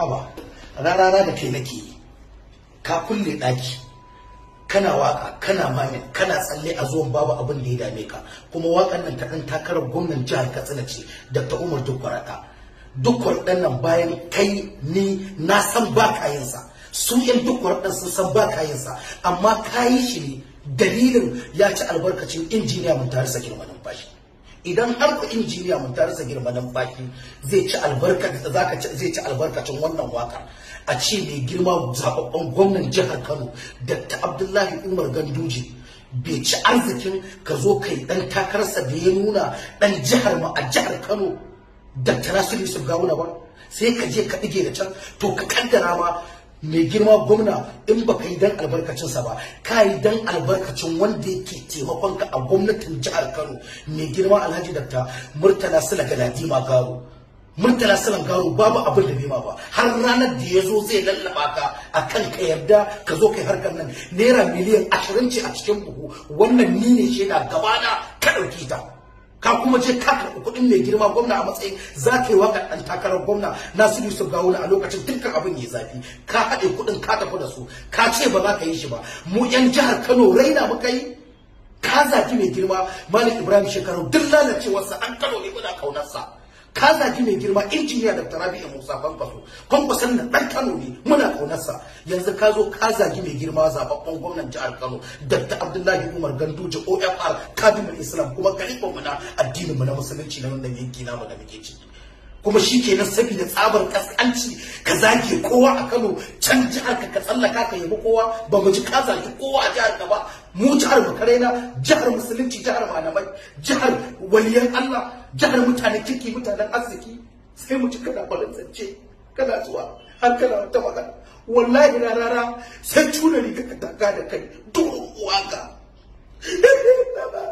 haba rana da kai nake ka kulle ɗaki kana waka kana mamin kana tsalle a zuwan babu abin da ya dame ka kuma wakan nan ta dan takarar gwamnan jihar Katsina ce Dr. Umar Dukwarata Dukwar dan nan bayan kai ni na san ba kayan sa su yan Dukwar dan sun san ba kayan sa amma kayi shi ne dalilin ya ci albarkacin injiniya mun tare sakin wannan fashi idan har ku injiniya mun tare sa nan baki zai ci albarkacin zaka zai ci albarkacin wannan wakar a ci mai girma zababban gwamnan jihar Kano Dr. Abdullahi Umar Ganduje bai ci arzikin ka zo kai dan takararsa da ya nuna dan jihar mu a jihar Kano Dr. Nasiru Yusuf Gawuna ba sai ka je ka dige da can to ka kaddara ma mai girma gwamna in ba ka yi dan albarkacinsa ba ka yi dan albarkacin wanda yake taimakon ka a gwamnatin jihar kano mai girma alhaji dakta murtala sila galadima garo murtala silan garo babu abin da bima ba har ranar da ya zo zai lallaba ka a kan ka yarda ka zo ka yi harkar nan naira miliyan ashirin ce a cikin buhu wannan ni ne shaida gabana ka ɗauki ta ka kuma je ka karɓi kuɗin mai girma gwamna a matsayin za ka yi wakar ɗan takarar gwamna nasiru yusuf gawuna a lokacin dukkan abin ya zafi ka haɗe kuɗin ka tafi da su ka ce ba za ka yi shi ba mu yan jihar kano raina muka yi ka zafi mai girma malik ibrahim shekaru duk lalacewarsa an kano ne muna kaunarsa ka mai girma injiniya da tarabi musa kwankwaso kwankwason na ɗan kano ne muna ƙaunarsa yanzu ka zo ka zagi mai girma zababban gwamnan jihar kano dr abdullahi umar ganduje ofr kadimul islam kuma kalifan mu na addinin mu na musulunci na wannan yanki namu da muke ciki kuma shi kenan saboda tsabar kaskanci ka zage kowa a kano can jihar ka ka tsallaka ka yabi kowa ba mu ji ka zage kowa a jihar ka ba mu jihar mu na jihar musulunci jihar malamai jihar waliyan allah jihar mutane kirki mutanen arziki sai mu ci kana balantsance kana zuwa har kana wata magana wallahi na rana sai cunari ka ka daga da kai duk waka